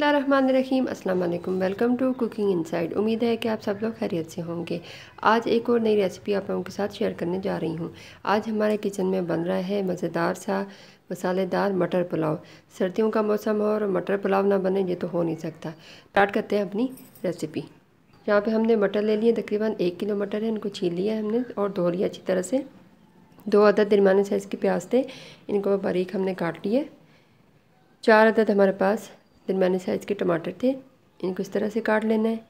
बसमीम अल्लाम welcome to cooking inside उम्मीद है कि आप सब लोग खैरियत से होंगे आज एक और नई रेसिपी आप लोगों के साथ शेयर करने जा रही हूँ आज हमारे किचन में बन रहा है मज़ेदार सा मसालेदार मटर पुलाव सर्दियों का मौसम हो और मटर पुलाव ना बने ये तो हो नहीं सकता स्टार्ट करते हैं अपनी रेसिपी यहाँ पर हमने मटर ले लिए तकरीबन एक किलो मटर है इनको छीन लिया हमने और धो लिया अच्छी तरह से दो अदद दरमियाने साइज़ के प्याज थे इनको बारीक हमने काट लिए चार अदद हमारे पास दिन मैंने साइज़ के टमाटर थे इनको इस तरह से काट लेना है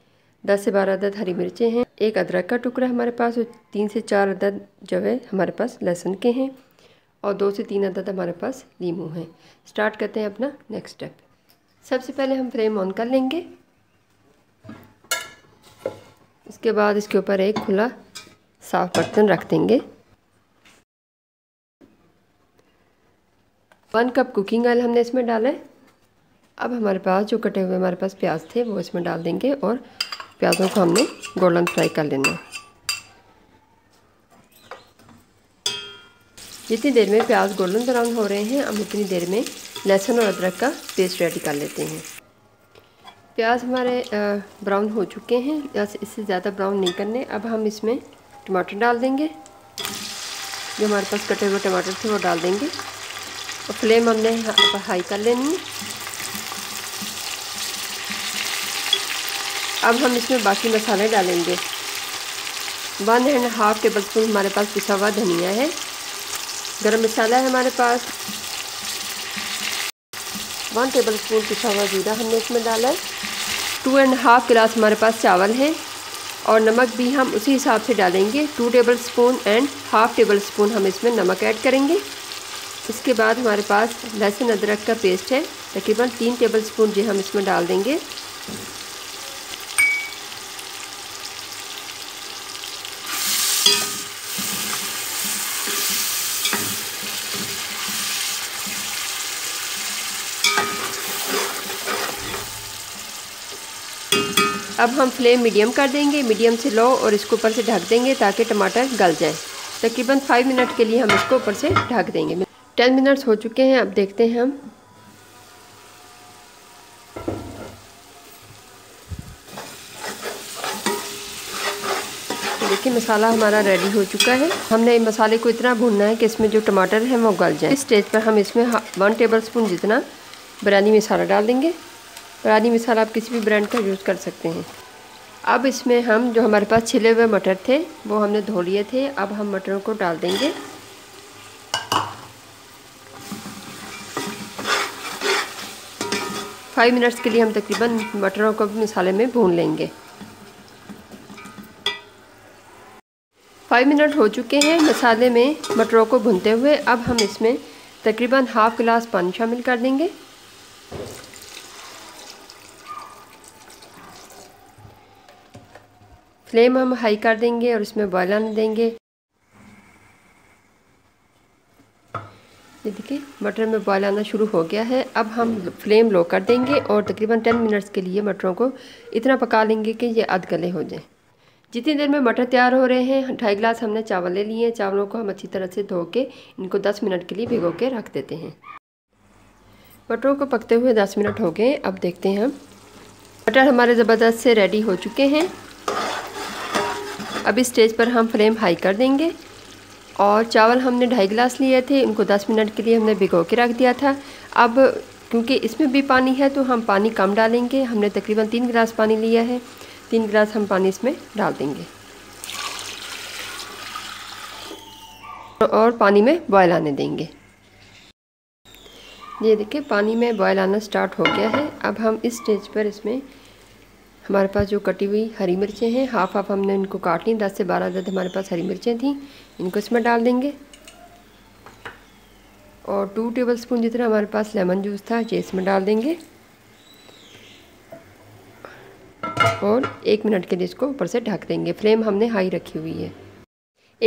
दस से बारह अदद हरी मिर्चें हैं एक अदरक का टुकड़ा हमारे पास और तीन से चार अदद जो है हमारे पास लहसुन के हैं और दो से तीन अदद हमारे पास लीमू हैं स्टार्ट करते हैं अपना नेक्स्ट स्टेप सबसे पहले हम फ्लेम ऑन कर लेंगे उसके बाद इसके ऊपर एक खुला साफ बर्तन रख देंगे वन कप कुकिंग ऑयल हमने इसमें डाला है अब हमारे पास जो कटे हुए हमारे पास प्याज थे वो इसमें डाल देंगे और प्याज़ों को हमने गोल्डन फ्राई कर लेना जितनी देर में प्याज गोल्डन ब्राउन हो रहे हैं हम उतनी देर में लहसुन और अदरक का पेस्ट रेडी कर लेते हैं प्याज हमारे ब्राउन हो चुके हैं इससे ज़्यादा ब्राउन नहीं करने अब हम इसमें टमाटर डाल देंगे जो हमारे पास कटे हुए टमाटर थे वो डाल देंगे और फ्लेम हमने हाई कर लेनी है अब हम इसमें बाकी मसाले डालेंगे one and half tablespoon हमारे पास पिसा हुआ धनिया है गरम मसाला है हमारे पास वन टेबल स्पून पिसा हुआ जीरा हमने इसमें डाला है टू एंड हाफ गिलास हमारे पास चावल है और नमक भी हम उसी हिसाब से डालेंगे two tablespoon and half tablespoon हम इसमें नमक ऐड करेंगे इसके बाद हमारे पास लहसुन अदरक का पेस्ट है तकरीबन तीन टेबल स्पून जो हम इसमें डाल देंगे अब हम फ्लेम मीडियम कर देंगे मीडियम से लो और इसको ऊपर से ढक देंगे ताकि टमाटर गल जाए तकरीबन फाइव मिनट के लिए हम इसको ऊपर से ढक देंगे टेन मिनट्स हो चुके हैं अब देखते हैं हम कि मसाला हमारा रेडी हो चुका है हमने मसाले को इतना भूनना है कि इसमें जो टमाटर है वो गल जाए इस स्टेज पर हम इसमें वन टेबल स्पून जितना बिरयानी मसाला डाल देंगे पुरानी मिसाल आप किसी भी ब्रांड का यूज़ कर सकते हैं अब इसमें हम जो हमारे पास छिले हुए मटर थे वो हमने धो लिए थे अब हम मटरों को डाल देंगे फाइव मिनट्स के लिए हम तकरीबन मटरों को मसाले में भून लेंगे फाइव मिनट हो चुके हैं मसाले में मटरों को भुनते हुए अब हम इसमें तकरीबन हाफ़ गिलास पानी शामिल कर देंगे फ्लेम हम हाई कर देंगे और इसमें बॉयल आने देंगे ये देखिए मटर में बॉयल आना शुरू हो गया है अब हम फ्लेम लो कर देंगे और तकरीबन 10 मिनट्स के लिए मटरों को इतना पका लेंगे कि ये अध गले हो जाएं जितनी देर में मटर तैयार हो रहे हैं ढाई गिलास हमने चावल ले लिए हैं चावलों को हम अच्छी तरह से धो के इनको 10 मिनट के लिए भिगो के रख देते हैं मटरों को पकते हुए दस मिनट हो गए अब देखते हैं हम मटर हमारे ज़बरदस्त से रेडी हो चुके हैं अब इस स्टेज पर हम फ्लेम हाई कर देंगे और चावल हमने ढाई गिलास लिए थे उनको 10 मिनट के लिए हमने भिगो के रख दिया था अब क्योंकि इसमें भी पानी है तो हम पानी कम डालेंगे हमने तकरीबन तीन गिलास पानी लिया है तीन गिलास हम पानी इसमें डाल देंगे और पानी में बॉयल आने देंगे ये देखिए पानी में बॉयल आना स्टार्ट हो गया है अब हम इस स्टेज पर इसमें हमारे पास जो कटी हुई हरी मिर्चें हैं हाफ हाफ हमने इनको काट ली दस से बारह दस हमारे पास हरी मिर्चें थी इनको इसमें डाल देंगे और टू टेबल स्पून जितना हमारे पास लेमन जूस था ये इसमें डाल देंगे और एक मिनट के लिए इसको ऊपर से ढक देंगे फ्लेम हमने हाई रखी हुई है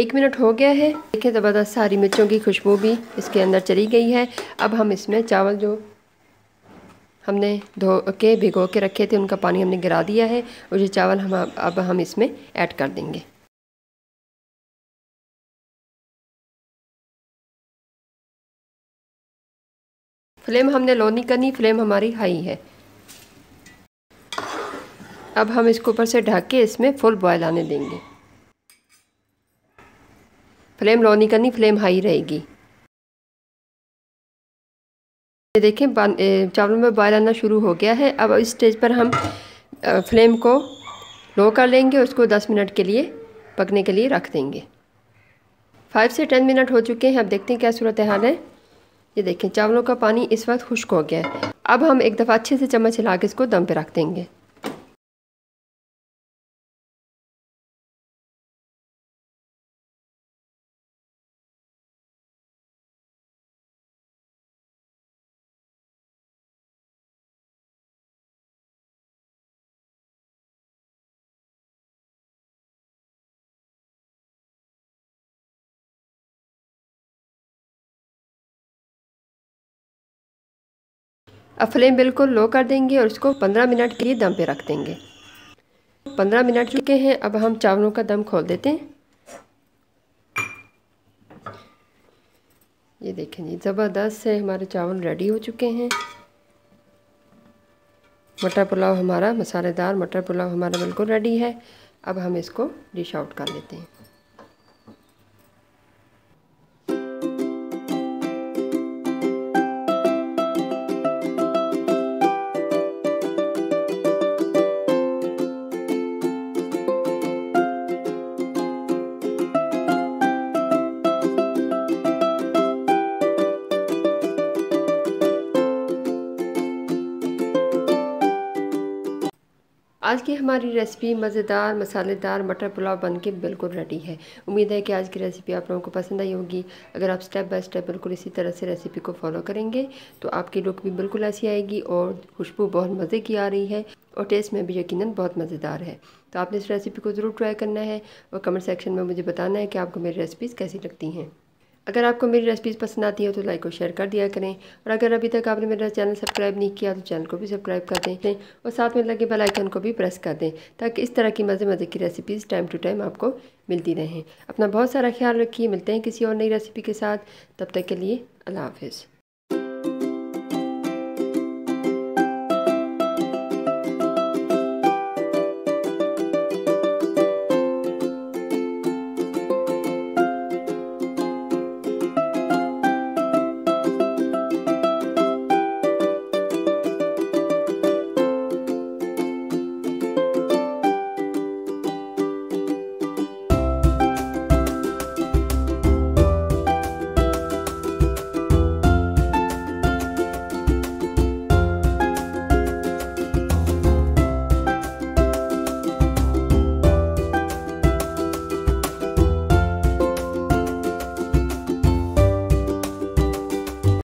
एक मिनट हो गया है देखिए ज़बरदस्त सारी मिर्चों की खुशबू भी इसके अंदर चली गई है अब हम इसमें चावल जो हमने धो के भिगो के रखे थे उनका पानी हमने गिरा दिया है और ये चावल हम अब हम इसमें ऐड कर देंगे फ्लेम हमने लो नहीं करनी फ्लेम हमारी हाई है अब हम इसको ऊपर से ढक के इसमें फुल बॉयल आने देंगे फ्लेम लो नहीं करनी फ्लेम हाई रहेगी ये देखें चावलों में बॉयल आना शुरू हो गया है अब इस स्टेज पर हम फ्लेम को लो कर लेंगे और उसको 10 मिनट के लिए पकने के लिए रख देंगे 5 से 10 मिनट हो चुके हैं अब देखते हैं क्या सूरत हाल है ये देखें चावलों का पानी इस वक्त खुश्क हो गया है अब हम एक दफ़ा अच्छे से चम्मच हिला के इसको दम पे रख देंगे अब फ्लेम बिल्कुल लो कर देंगे और इसको 15 मिनट के लिए दम पे रख देंगे 15 मिनट चुके हैं अब हम चावलों का दम खोल देते हैं ये देखें जी ज़बरदस्त से हमारे चावल रेडी हो चुके हैं मटर पुलाव हमारा मसालेदार मटर पुलाव हमारा बिल्कुल रेडी है अब हम इसको डिश आउट कर लेते हैं आज की हमारी रेसिपी मज़ेदार मसालेदार मटर पुलाव बन के बिल्कुल रेडी है उम्मीद है कि आज की रेसिपी आप लोगों को पसंद आई होगी अगर आप स्टेप बाय स्टेप बिल्कुल इसी तरह से रेसिपी को फॉलो करेंगे तो आपकी लुक भी बिल्कुल ऐसी आएगी और खुशबू बहुत मज़े की आ रही है और टेस्ट में भी यकीनन बहुत मज़ेदार है तो आपने इस रेसिपी को ज़रूर ट्राई करना है और कमेंट सेक्शन में मुझे बताना है कि आपको मेरी रेसिपीज़ कैसी लगती हैं अगर आपको मेरी रेसिपीज़ पसंद आती है तो लाइक और शेयर कर दिया करें और अगर अभी तक आपने मेरा चैनल सब्सक्राइब नहीं किया तो चैनल को भी सब्सक्राइब कर दें और साथ में लगे बेल आइकन को भी प्रेस कर दें ताकि इस तरह की मज़े मज़े की रेसिपीज़ टाइम टू टाइम आपको मिलती रहें अपना बहुत सारा ख्याल रखिए मिलते हैं किसी और नई रेसिपी के साथ तब तक के लिए अल्लाह हाफिज़